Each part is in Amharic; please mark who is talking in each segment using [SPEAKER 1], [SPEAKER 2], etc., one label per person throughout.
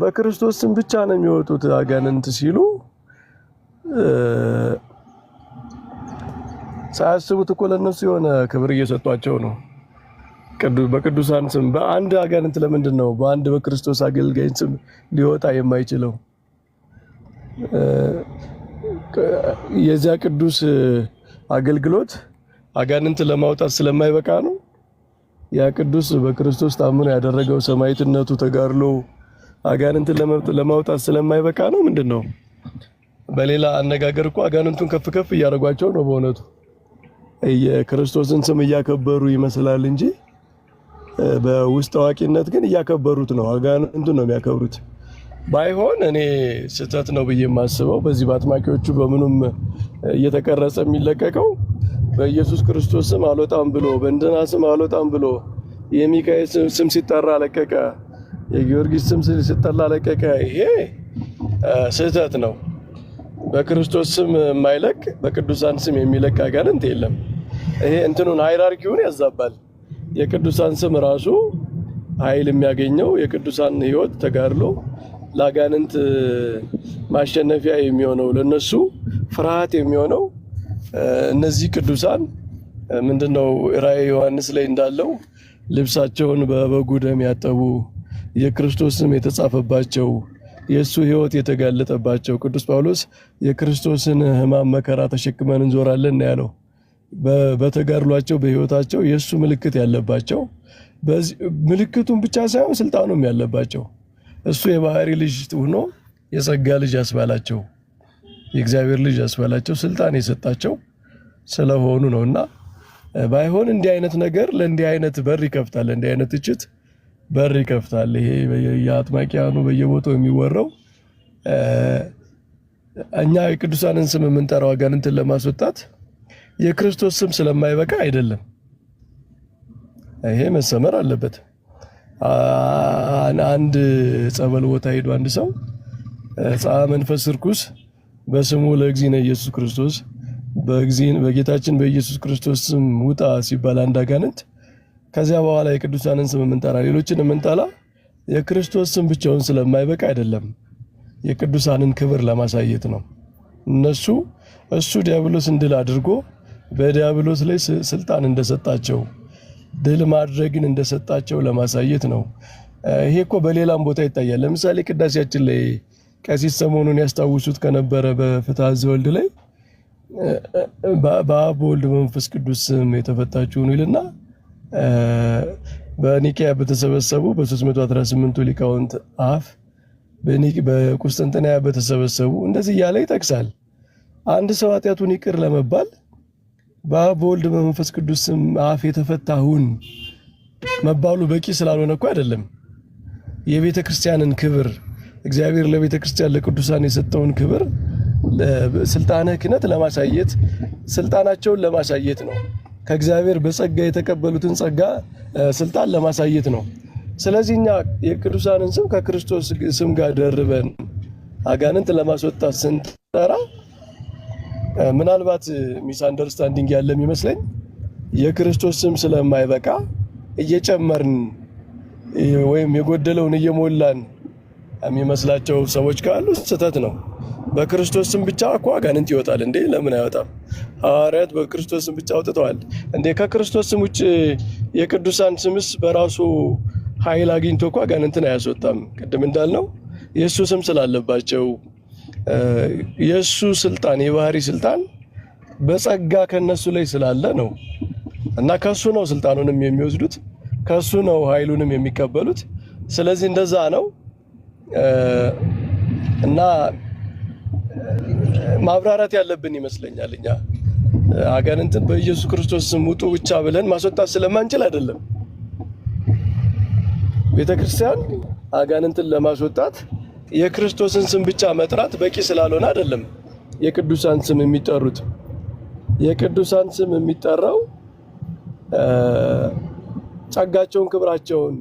[SPEAKER 1] በክርስቶስ ስም ብቻ ነው የሚወጡት አጋንንት ሲሉ ሳያስቡት እኮ ለእነሱ የሆነ ክብር እየሰጧቸው ነው። በቅዱሳን ስም በአንድ አጋንንት ለምንድን ነው በአንድ በክርስቶስ አገልጋይ ስም ሊወጣ የማይችለው? የዚያ ቅዱስ አገልግሎት አጋንንት ለማውጣት ስለማይበቃ ነው። ያ ቅዱስ በክርስቶስ ታምኖ ያደረገው ሰማዕትነቱ ተጋድሎ አጋንንትን ለማውጣት ስለማይበቃ ነው ምንድን ነው? በሌላ አነጋገር እኮ አጋንንቱን ከፍ ከፍ እያደረጓቸው ነው። በእውነቱ የክርስቶስን ስም እያከበሩ ይመስላል እንጂ በውስጥ አዋቂነት ግን እያከበሩት ነው። አጋንንቱን ነው የሚያከብሩት። ባይሆን እኔ ስህተት ነው ብዬ የማስበው በዚህ በአጥማቂዎቹ በምኑም እየተቀረጸ የሚለቀቀው በኢየሱስ ክርስቶስ ስም አልወጣም ብሎ በእንትና ስም አልወጣም ብሎ የሚካኤል ስም ሲጠራ ለቀቀ የጊዮርጊስ ስም ሲጠላ ለቀቀ። ይሄ ስህተት ነው። በክርስቶስ ስም የማይለቅ በቅዱሳን ስም የሚለቅ አጋንንት የለም። ይሄ እንትኑን ሃይራርኪውን ያዛባል። የቅዱሳን ስም ራሱ ኃይል የሚያገኘው የቅዱሳን ህይወት ተጋድሎ ለአጋንንት ማሸነፊያ የሚሆነው ለነሱ ፍርሃት የሚሆነው እነዚህ ቅዱሳን ምንድን ነው ራእየ ዮሐንስ ላይ እንዳለው ልብሳቸውን በበጉ ደም ያጠቡ የክርስቶስ ስም የተጻፈባቸው የእሱ ሕይወት የተጋለጠባቸው ቅዱስ ጳውሎስ የክርስቶስን ሕማም መከራ ተሸክመን እንዞራለን ያለው በተጋድሏቸው በሕይወታቸው የእሱ ምልክት ያለባቸው ምልክቱን ብቻ ሳይሆን ስልጣኑም ያለባቸው እሱ የባህሪ ልጅ ሆኖ የጸጋ ልጅ ያስባላቸው የእግዚአብሔር ልጅ ያስባላቸው ስልጣን የሰጣቸው ስለሆኑ እና ባይሆን እንዲህ አይነት ነገር ለእንዲህ አይነት በር ይከፍታል። እንዲህ አይነት ትችት በር ይከፍታል። ይሄ የአጥማቂያኑ በየቦታው የሚወራው እኛ የቅዱሳንን ስም የምንጠራው አጋንንትን ለማስወጣት የክርስቶስ ስም ስለማይበቃ አይደለም። ይሄ መሰመር አለበት። አንድ ጸበል ቦታ ሄዶ አንድ ሰው ጸአ መንፈስ ርኩስ በስሙ ለእግዚእነ ኢየሱስ ክርስቶስ በጌታችን በኢየሱስ ክርስቶስ ስም ውጣ ሲባል አንድ አጋንንት ከዚያ በኋላ የቅዱሳንን ስም የምንጠራ ሌሎችን የምንጠላ የክርስቶስ ስም ብቻውን ስለማይበቃ አይደለም፣ የቅዱሳንን ክብር ለማሳየት ነው። እነሱ እሱ ዲያብሎስን ድል አድርጎ በዲያብሎስ ላይ ስልጣን እንደሰጣቸው ድል ማድረግን እንደሰጣቸው ለማሳየት ነው። ይሄ እኮ በሌላም ቦታ ይታያል። ለምሳሌ ቅዳሴያችን ላይ ቀሲስ ሰሞኑን ያስታውሱት ከነበረ በፍትሐ ዘወልድ ላይ በአብ በወልድ መንፈስ ቅዱስ ስም የተፈታችሁ ነው ይልና በኒቅያ በተሰበሰቡ በ318ቱ ሊቃውንት አፍ በቁስጥንጥንያ በተሰበሰቡ እንደዚህ እያለ ይጠቅሳል። አንድ ሰው ኃጢአቱን ይቅር ለመባል በአብ በወልድ በመንፈስ ቅዱስ ስም አፍ የተፈታሁን መባሉ በቂ ስላልሆነ እኮ አይደለም። የቤተ ክርስቲያንን ክብር እግዚአብሔር ለቤተ ክርስቲያን ለቅዱሳን የሰጠውን ክብር ስልጣነ ክህነት ለማሳየት ስልጣናቸውን ለማሳየት ነው። ከእግዚአብሔር በጸጋ የተቀበሉትን ጸጋ ስልጣን ለማሳየት ነው። ስለዚህ እኛ የቅዱሳንን ስም ከክርስቶስ ስም ጋር ደርበን አጋንንት ለማስወጣት ስንጠራ ምናልባት ሚስ አንደርስታንዲንግ ያለ የሚመስለኝ የክርስቶስ ስም ስለማይበቃ እየጨመርን ወይም የጎደለውን እየሞላን የሚመስላቸው ሰዎች ካሉ ስህተት ነው። በክርስቶስ ስም ብቻ እኮ አጋንንት ይወጣል እንዴ? ለምን አይወጣም? ሐዋርያት በክርስቶስ ስም ብቻ አውጥተዋል እንዴ? ከክርስቶስ ስም ውጭ የቅዱሳን ስምስ በራሱ ኃይል አግኝቶ እኮ አጋንንትን አያስወጣም። ቅድም እንዳልነው የእሱ ስም ስላለባቸው የእሱ ስልጣን የባህሪ ስልጣን በጸጋ ከነሱ ላይ ስላለ ነው እና ከሱ ነው ስልጣኑንም የሚወስዱት ከሱ ነው ኃይሉንም የሚቀበሉት። ስለዚህ እንደዛ ነው እና ማብራራት ያለብን ይመስለኛል። እኛ አጋንንትን በኢየሱስ ክርስቶስ ስም ውጡ ብቻ ብለን ማስወጣት ስለማንችል አይደለም። ቤተ ክርስቲያን አጋንንትን ለማስወጣት የክርስቶስን ስም ብቻ መጥራት በቂ ስላልሆነ አይደለም የቅዱሳን ስም የሚጠሩት። የቅዱሳን ስም የሚጠራው ጸጋቸውን፣ ክብራቸውን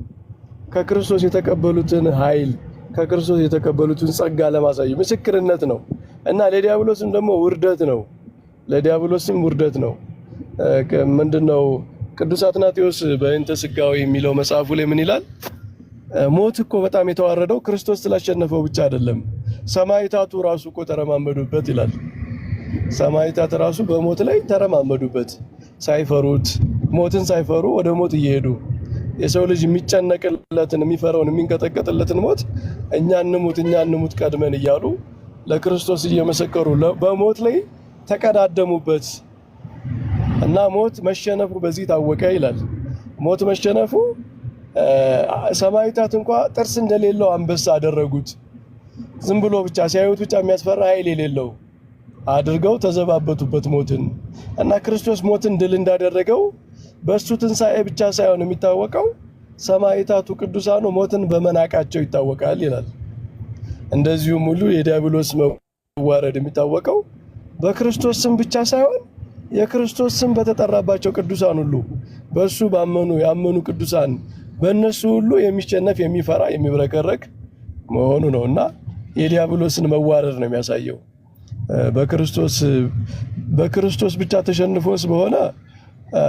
[SPEAKER 1] ከክርስቶስ የተቀበሉትን ኃይል ከክርስቶስ የተቀበሉትን ጸጋ ለማሳየት ምስክርነት ነው። እና ለዲያብሎስም ደግሞ ውርደት ነው። ለዲያብሎስም ውርደት ነው። ምንድነው ቅዱስ አትናቴዎስ በእንተ ስጋዊ የሚለው መጽሐፉ ላይ ምን ይላል? ሞት እኮ በጣም የተዋረደው ክርስቶስ ስላሸነፈው ብቻ አይደለም፣ ሰማይታቱ ራሱ እኮ ተረማመዱበት ይላል። ሰማይታት ራሱ በሞት ላይ ተረማመዱበት፣ ሳይፈሩት ሞትን ሳይፈሩ ወደ ሞት እየሄዱ የሰው ልጅ የሚጨነቅለትን የሚፈራውን የሚንቀጠቀጥለትን ሞት እኛ እንሙት እኛ እንሙት ቀድመን እያሉ ለክርስቶስ እየመሰከሩ በሞት ላይ ተቀዳደሙበት እና ሞት መሸነፉ በዚህ ታወቀ ይላል። ሞት መሸነፉ ሰማዕታት እንኳ ጥርስ እንደሌለው አንበሳ አደረጉት። ዝም ብሎ ብቻ ሲያዩት ብቻ የሚያስፈራ ኃይል የሌለው አድርገው ተዘባበቱበት ሞትን እና ክርስቶስ ሞትን ድል እንዳደረገው በእሱ ትንሣኤ ብቻ ሳይሆን የሚታወቀው ሰማዕታቱ ቅዱሳኑ ሞትን በመናቃቸው ይታወቃል ይላል። እንደዚሁም ሁሉ የዲያብሎስ መዋረድ የሚታወቀው በክርስቶስ ስም ብቻ ሳይሆን የክርስቶስ ስም በተጠራባቸው ቅዱሳን ሁሉ በእሱ ባመኑ ያመኑ ቅዱሳን በእነሱ ሁሉ የሚሸነፍ የሚፈራ የሚብረቀረቅ መሆኑ ነው እና የዲያብሎስን መዋረድ ነው የሚያሳየው። በክርስቶስ በክርስቶስ ብቻ ተሸንፎስ በሆነ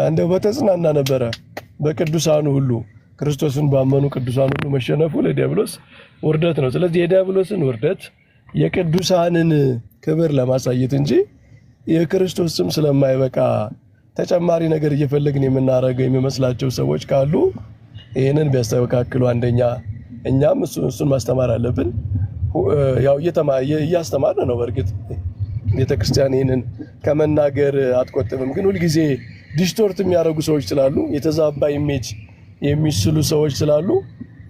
[SPEAKER 1] እንደው በተጽናና ነበረ በቅዱሳኑ ሁሉ ክርስቶስን ባመኑ ቅዱሳን ሁሉ መሸነፉ ለዲያብሎስ ውርደት ነው። ስለዚህ የዲያብሎስን ውርደት የቅዱሳንን ክብር ለማሳየት እንጂ የክርስቶስ ስም ስለማይበቃ ተጨማሪ ነገር እየፈለግን የምናደርገው የሚመስላቸው ሰዎች ካሉ ይህንን ቢያስተካክሉ፣ አንደኛ እኛም እሱን ማስተማር አለብን። ያው እያስተማር ነው። በእርግጥ ቤተክርስቲያን ይህንን ከመናገር አትቆጥብም። ግን ሁልጊዜ ዲስቶርት የሚያደርጉ ሰዎች ስላሉ የተዛባ ኢሜጅ የሚስሉ ሰዎች ስላሉ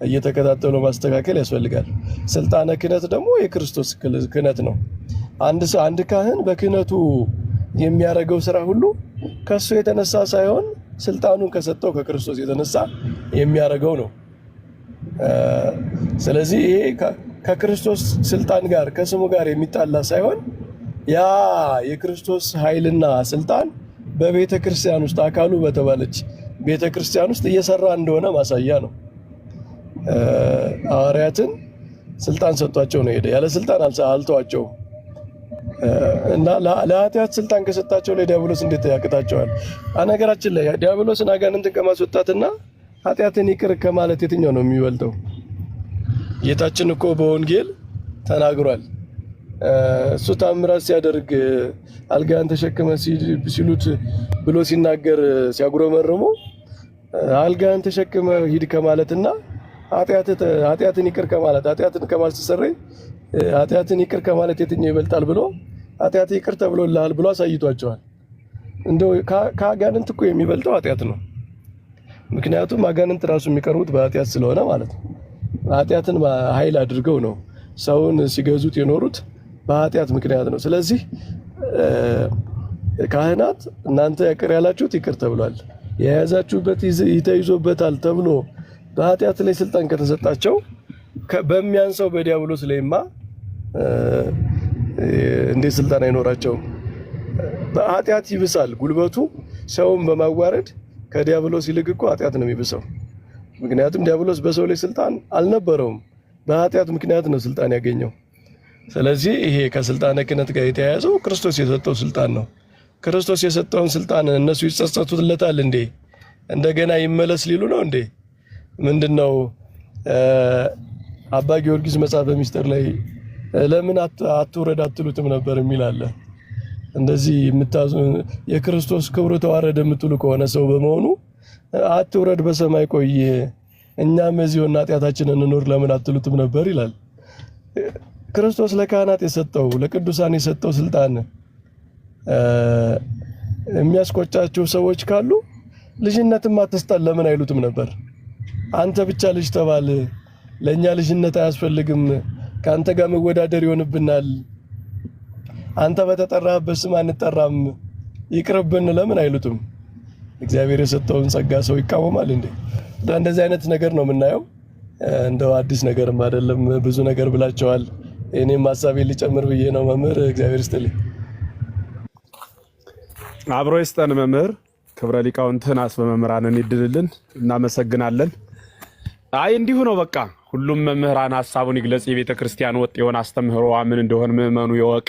[SPEAKER 1] እየተከታተሉ ማስተካከል ያስፈልጋል። ስልጣነ ክህነት ደግሞ የክርስቶስ ክህነት ነው። አንድ ሰው አንድ ካህን በክህነቱ የሚያደርገው ስራ ሁሉ ከሱ የተነሳ ሳይሆን ስልጣኑን ከሰጠው ከክርስቶስ የተነሳ የሚያደርገው ነው። ስለዚህ ይሄ ከክርስቶስ ስልጣን ጋር ከስሙ ጋር የሚጣላ ሳይሆን ያ የክርስቶስ ኃይልና ስልጣን በቤተ ክርስቲያን ውስጥ አካሉ በተባለች ቤተ ክርስቲያን ውስጥ እየሰራ እንደሆነ ማሳያ ነው። ሐዋርያትን ስልጣን ሰጥቷቸው ነው ሄደ። ያለ ስልጣን አልተዋቸው እና ለኃጢአት ስልጣን ከሰጣቸው ለዲያብሎስ እንዴት ያቅጣቸዋል? ነገራችን ላይ ዲያብሎስን አጋንንትን ከማስወጣትና ኃጢአትን ይቅር ከማለት የትኛው ነው የሚበልጠው? ጌታችን እኮ በወንጌል ተናግሯል። እሱ ታምራት ሲያደርግ አልጋን ተሸክመ ሲሉት ብሎ ሲናገር ሲያጉረመርሙ አልጋን ተሸክመ ሂድ ከማለትና ኃጢአትን ይቅር ከማለት ኃጢአትን ከማለት ስትሰረይ ኃጢአትን ይቅር ከማለት የትኛው ይበልጣል ብሎ ኃጢአት ይቅር ተብሎልሃል ብሎ አሳይቷቸዋል። እንደው ከአጋንንት እኮ የሚበልጠው ኃጢአት ነው። ምክንያቱም አጋንንት ራሱ የሚቀርቡት በኃጢአት ስለሆነ ማለት ነው። ኃጢአትን ኃይል አድርገው ነው ሰውን ሲገዙት የኖሩት በኃጢአት ምክንያት ነው። ስለዚህ ካህናት እናንተ ይቅር ያላችሁት ይቅር ተብሏል። የያዛችሁበት ይተይዞበታል ተብሎ በኃጢአት ላይ ስልጣን ከተሰጣቸው በሚያንሰው በዲያብሎስ ላይማ እንዴት ስልጣን አይኖራቸውም? በኃጢአት ይብሳል። ጉልበቱ ሰውን በማዋረድ ከዲያብሎስ ይልቅ እኮ ኃጢአት ነው የሚብሰው። ምክንያቱም ዲያብሎስ በሰው ላይ ስልጣን አልነበረውም። በኃጢአት ምክንያት ነው ስልጣን ያገኘው። ስለዚህ ይሄ ከስልጣነ ክህነት ጋር የተያያዘው ክርስቶስ የሰጠው ስልጣን ነው። ክርስቶስ የሰጠውን ስልጣን እነሱ ይጸጸቱለታል እንዴ? እንደገና ይመለስ ሊሉ ነው እንዴ? ምንድን ነው አባ ጊዮርጊስ መጽሐፈ ሚስጥር ላይ ለምን አትውረድ አትሉትም ነበር የሚል አለ። እንደዚህ የምታዙ የክርስቶስ ክብሩ ተዋረደ የምትሉ ከሆነ ሰው በመሆኑ አትውረድ በሰማይ ቆይ እኛም እዚሁና ኃጢአታችንን እንኖር ለምን አትሉትም ነበር ይላል። ክርስቶስ ለካህናት የሰጠው ለቅዱሳን የሰጠው ስልጣን የሚያስቆጫቸው ሰዎች ካሉ ልጅነትም አትስጠን ለምን አይሉትም ነበር? አንተ ብቻ ልጅ ተባል፣ ለእኛ ልጅነት አያስፈልግም፣ ከአንተ ጋር መወዳደር ይሆንብናል፣ አንተ በተጠራህበት ስም አንጠራም፣ ይቅርብን ለምን አይሉትም? እግዚአብሔር የሰጠውን ጸጋ ሰው ይቃወማል እንዴ? እንደዚህ አይነት ነገር ነው የምናየው። እንደው አዲስ ነገርም አይደለም። ብዙ ነገር ብላቸዋል። እኔም ሀሳቤ ሊጨምር ብዬ ነው። መምህር እግዚአብሔር ይስጥልኝ።
[SPEAKER 2] አብሮ ይስጠን መምህር ክብረ ሊቃውንትን አስበመምህራንን ይድልልን። እናመሰግናለን። አይ እንዲሁ ነው በቃ ሁሉም መምህራን ሀሳቡን ይግለጽ። የቤተ ክርስቲያን ወጥ የሆነ አስተምህሮ ምን እንደሆን ምዕመኑ የወቅ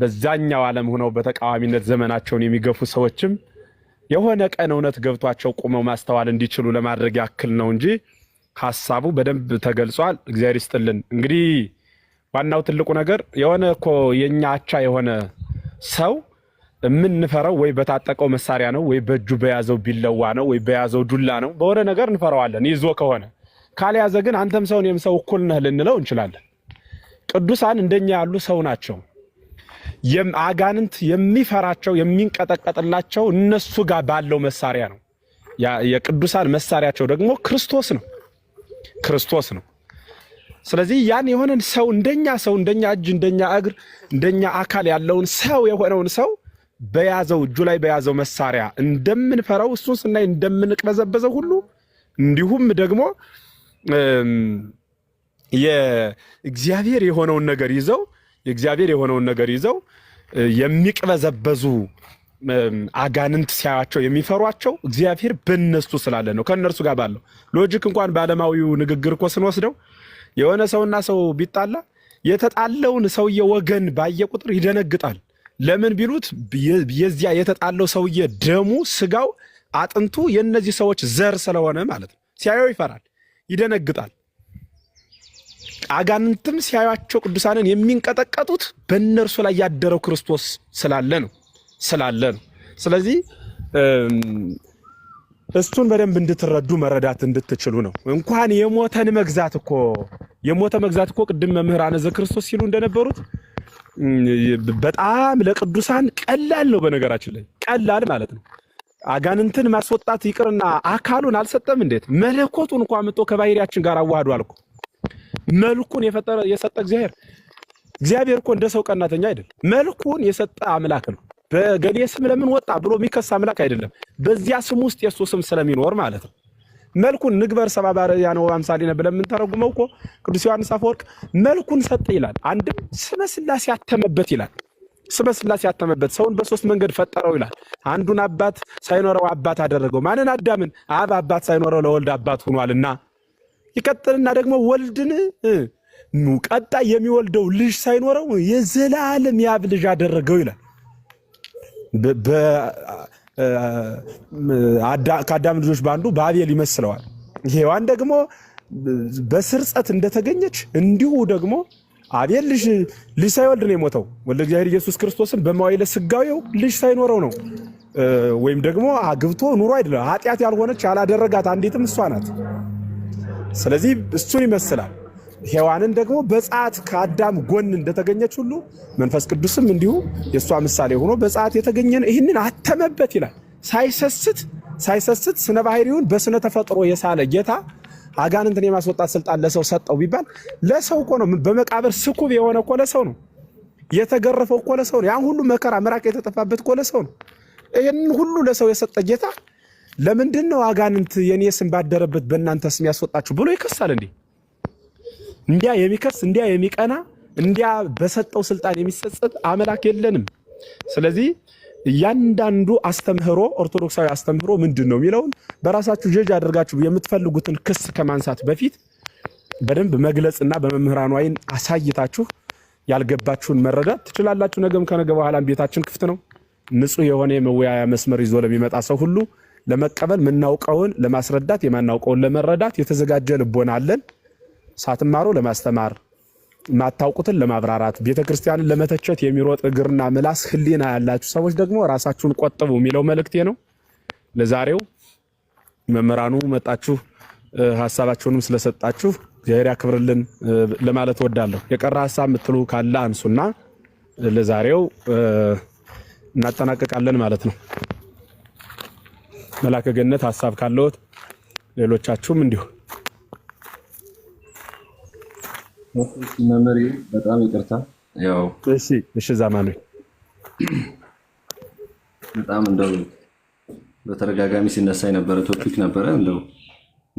[SPEAKER 2] በዛኛው ዓለም ሆነው በተቃዋሚነት ዘመናቸውን የሚገፉ ሰዎችም የሆነ ቀን እውነት ገብቷቸው ቁመው ማስተዋል እንዲችሉ ለማድረግ ያክል ነው እንጂ ሀሳቡ በደንብ ተገልጿል። እግዚአብሔር ይስጥልን። እንግዲህ ዋናው ትልቁ ነገር የሆነ እኮ የእኛ አቻ የሆነ ሰው የምንፈራው ወይ በታጠቀው መሳሪያ ነው ወይ በእጁ በያዘው ቢለዋ ነው ወይ በያዘው ዱላ ነው። በሆነ ነገር እንፈራዋለን ይዞ ከሆነ ካልያዘ ግን አንተም ሰው እኔም ሰው እኩል ነህ ልንለው እንችላለን። ቅዱሳን እንደኛ ያሉ ሰው ናቸው። አጋንንት የሚፈራቸው የሚንቀጠቀጥላቸው እነሱ ጋር ባለው መሳሪያ ነው። የቅዱሳን መሳሪያቸው ደግሞ ክርስቶስ ነው፣ ክርስቶስ ነው። ስለዚህ ያን የሆነን ሰው እንደኛ ሰው እንደኛ እጅ እንደኛ እግር እንደኛ አካል ያለውን ሰው የሆነውን ሰው በያዘው እጁ ላይ በያዘው መሳሪያ እንደምንፈራው እሱን ስናይ እንደምንቅበዘበዘው ሁሉ እንዲሁም ደግሞ የእግዚአብሔር የሆነውን ነገር ይዘው የእግዚአብሔር የሆነውን ነገር ይዘው የሚቅበዘበዙ አጋንንት ሲያያቸው የሚፈሯቸው እግዚአብሔር በነሱ ስላለ ነው። ከእነርሱ ጋር ባለው ሎጂክ እንኳን በዓለማዊው ንግግር እኮ ስንወስደው የሆነ ሰውና ሰው ቢጣላ የተጣለውን ሰውየ ወገን ባየ ቁጥር ይደነግጣል። ለምን ቢሉት የዚያ የተጣለው ሰውዬ ደሙ፣ ስጋው፣ አጥንቱ የእነዚህ ሰዎች ዘር ስለሆነ ማለት ነው። ሲያየው ይፈራል፣ ይደነግጣል። አጋንንትም ሲያዩቸው ቅዱሳንን የሚንቀጠቀጡት በእነርሱ ላይ ያደረው ክርስቶስ ስላለ ነው ስላለ ነው። ስለዚህ እሱን በደንብ እንድትረዱ መረዳት እንድትችሉ ነው። እንኳን የሞተን መግዛት እኮ የሞተ መግዛት እኮ ቅድም መምህራነ ዘ ክርስቶስ ሲሉ እንደነበሩት በጣም ለቅዱሳን ቀላል ነው። በነገራችን ላይ ቀላል ማለት ነው። አጋንንትን ማስወጣት ይቅርና አካሉን አልሰጠም። እንዴት መለኮቱን እንኳ ምጦ ከባህሪያችን ጋር አዋህዶ አልኩ። መልኩን የፈጠረ የሰጠ እግዚአብሔር እግዚአብሔር እኮ እንደ ሰው ቀናተኛ አይደለም። መልኩን የሰጠ አምላክ ነው። በገሌ ስም ለምን ወጣ ብሎ የሚከስ አምላክ አይደለም። በዚያ ስም ውስጥ የእሱ ስም ስለሚኖር ማለት ነው። መልኩን ንግበር ሰባ ባሪያ ነው አምሳሌነ ብለን የምንተረጉመው እኮ ቅዱስ ዮሐንስ አፈወርቅ መልኩን ሰጠ ይላል። አንድም ስመ ሥላሴ ያተመበት ይላል። ስመ ያተመበት ሰውን በሶስት መንገድ ፈጠረው ይላል። አንዱን አባት ሳይኖረው አባት አደረገው። ማንን? አዳምን። አብ አባት ሳይኖረው ለወልድ አባት ሆኗልና ይቀጥልና ደግሞ ወልድን ቀጣ የሚወልደው ልጅ ሳይኖረው የዘላለም የአብ ልጅ አደረገው ይላል። ከአዳም ልጆች በአንዱ ባቤል ይመስለዋል። ሔዋን ደግሞ በስርጸት እንደተገኘች እንዲሁ ደግሞ አቤል ልጅ ልጅ ሳይወልድ ነው የሞተው። ወልደ እግዚአብሔር ኢየሱስ ክርስቶስን በመዋዕለ ሥጋዌው ልጅ ሳይኖረው ነው ወይም ደግሞ አግብቶ ኑሮ አይደለም። ኃጢአት ያልሆነች ያላደረጋት አንዲትም እሷ ናት። ስለዚህ እሱን ይመስላል። ሔዋንን ደግሞ በፀዓት ከአዳም ጎን እንደተገኘች ሁሉ መንፈስ ቅዱስም እንዲሁ የእሷ ምሳሌ ሆኖ በጻት የተገኘን ይህንን አተመበት ይላል። ሳይሰስት ሳይሰስት ስነ ባህሪውን በስነ ተፈጥሮ የሳለ ጌታ አጋንንትን የማስወጣት ስልጣን ለሰው ሰጠው ቢባል ለሰው እኮ ነው። በመቃብር ስኩብ የሆነ እኮ ለሰው ነው። የተገረፈው እኮ ለሰው ነው። ያን ሁሉ መከራ ምራቅ የተጠፋበት እኮ ለሰው ነው። ይህንን ሁሉ ለሰው የሰጠ ጌታ ለምንድን ነው አጋንንት የኔ ስም ባደረበት በእናንተ ስም ያስወጣችሁ ብሎ ይከሳል እንዴ? እንዲያ የሚከስ እንዲያ የሚቀና እንዲያ በሰጠው ስልጣን የሚጸጸት አምላክ የለንም። ስለዚህ እያንዳንዱ አስተምህሮ ኦርቶዶክሳዊ አስተምህሮ ምንድን ነው የሚለውን በራሳችሁ ጀጅ አድርጋችሁ የምትፈልጉትን ክስ ከማንሳት በፊት በደንብ መግለጽና በመምህራን አይን አሳይታችሁ ያልገባችሁን መረዳት ትችላላችሁ። ነገም ከነገ በኋላም ቤታችን ክፍት ነው። ንጹህ የሆነ የመወያያ መስመር ይዞ ለሚመጣ ሰው ሁሉ ለመቀበል የምናውቀውን ለማስረዳት የማናውቀውን ለመረዳት የተዘጋጀ ልቦና አለን። ሳትማሩ ለማስተማር ማታውቁትን ለማብራራት ቤተ ክርስቲያንን ለመተቸት የሚሮጥ እግርና ምላስ ህሊና ያላችሁ ሰዎች ደግሞ ራሳችሁን ቆጥቡ የሚለው መልእክቴ ነው። ለዛሬው መምህራኑ መጣችሁ ሀሳባችሁንም ስለሰጣችሁ እግዚአብሔር ያክብርልን ለማለት ወዳለሁ የቀረ ሀሳብ የምትሉ ካለ አንሱና ለዛሬው እናጠናቀቃለን ማለት ነው። መላከ ገነት ሀሳብ ካለዎት ሌሎቻችሁም እንዲሁ
[SPEAKER 3] መምህር በጣም ይቅርታ። ያው እሺ፣ እሺ፣ ዛማኑ
[SPEAKER 4] በጣም እንደው በተደጋጋሚ ሲነሳ የነበረ ቶፒክ ነበረ። እንደው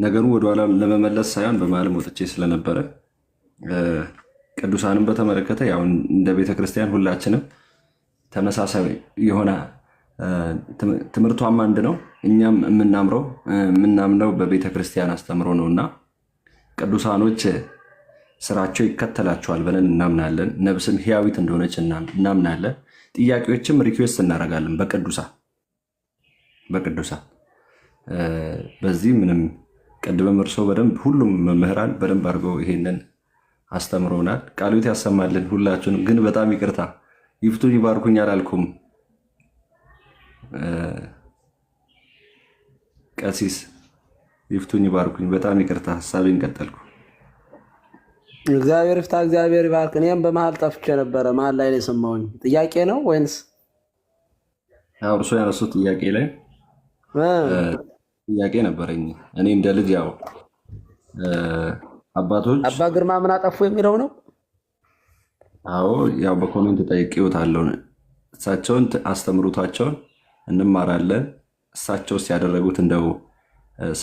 [SPEAKER 4] ነገሩ ወደኋላ ለመመለስ ሳይሆን በመሀልም ወጥቼ ስለነበረ ቅዱሳንም በተመለከተ ያው እንደ ቤተክርስቲያን ሁላችንም ተመሳሳይ የሆነ ትምህርቷም አንድ ነው። እኛም የምናምረው የምናምነው በቤተክርስቲያን አስተምሮ ነው እና ቅዱሳኖች ስራቸው ይከተላቸዋል ብለን እናምናለን። ነብስም ህያዊት እንደሆነች እናምናለን። ጥያቄዎችም ሪኩዌስት እናደርጋለን በቅዱሳ በቅዱሳ በዚህ ምንም ቅድምም እርስዎ በደንብ ሁሉም መምህራን በደንብ አድርገው ይሄንን አስተምረውናል። ቃሉት ያሰማልን ሁላችሁን። ግን በጣም ይቅርታ ይፍቱ ይባርኩኝ አላልኩም። ቀሲስ ይፍቱኝ ይባርኩኝ። በጣም ይቅርታ ሀሳቤን ቀጠልኩ።
[SPEAKER 5] እግዚአብሔር ፍታ እግዚአብሔር ይባርክ። እኔም በመሀል ጠፍቼ ነበረ። መሀል ላይ ነው የሰማሁኝ። ጥያቄ ነው ወይንስ
[SPEAKER 4] እርሶ ያነሱት ጥያቄ ላይ ጥያቄ ነበረኝ። እኔ እንደ ልጅ ያው አባቶች
[SPEAKER 5] አባ ግርማ ምን አጠፉ የሚለው ነው።
[SPEAKER 4] አዎ ያው በኮሜንት ጠይቄዎት አለው እሳቸውን አስተምሩታቸውን እንማራለን። እሳቸው ሲያደረጉት እንደው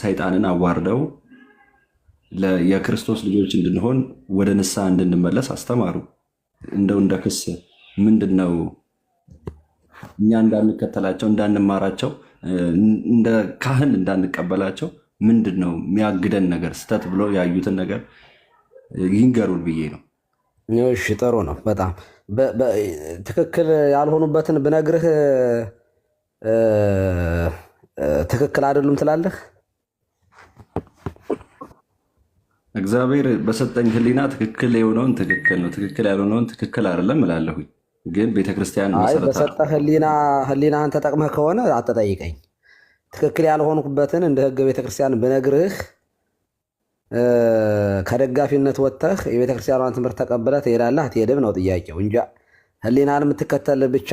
[SPEAKER 4] ሰይጣንን አዋርደው የክርስቶስ ልጆች እንድንሆን ወደ ንስሐ እንድንመለስ አስተማሩ። እንደው እንደ ክስ ምንድን ነው እኛ እንዳንከተላቸው እንዳንማራቸው እንደ ካህን እንዳንቀበላቸው ምንድን ነው የሚያግደን ነገር? ስተት ብለው ያዩትን ነገር ይንገሩን ብዬ ነው። እሺ ጥሩ ነው። በጣም
[SPEAKER 5] ትክክል ያልሆኑበትን ብነግርህ ትክክል አይደሉም ትላለህ?
[SPEAKER 4] እግዚአብሔር በሰጠኝ ህሊና ትክክል የሆነውን ትክክል ነው፣ ትክክል ያልሆነውን ትክክል አይደለም እላለሁኝ። ግን ቤተክርስቲያን
[SPEAKER 5] ህሊና ሕሊናህን ተጠቅመህ ከሆነ አትጠይቀኝ። ትክክል ያልሆንኩበትን እንደ ህገ ቤተክርስቲያን ብነግርህ ከደጋፊነት ወጥተህ የቤተክርስቲያኗን ትምህርት ተቀብለህ ትሄዳለህ አትሄድም ነው ጥያቄው እንጂ ህሊናን የምትከተል ብቻ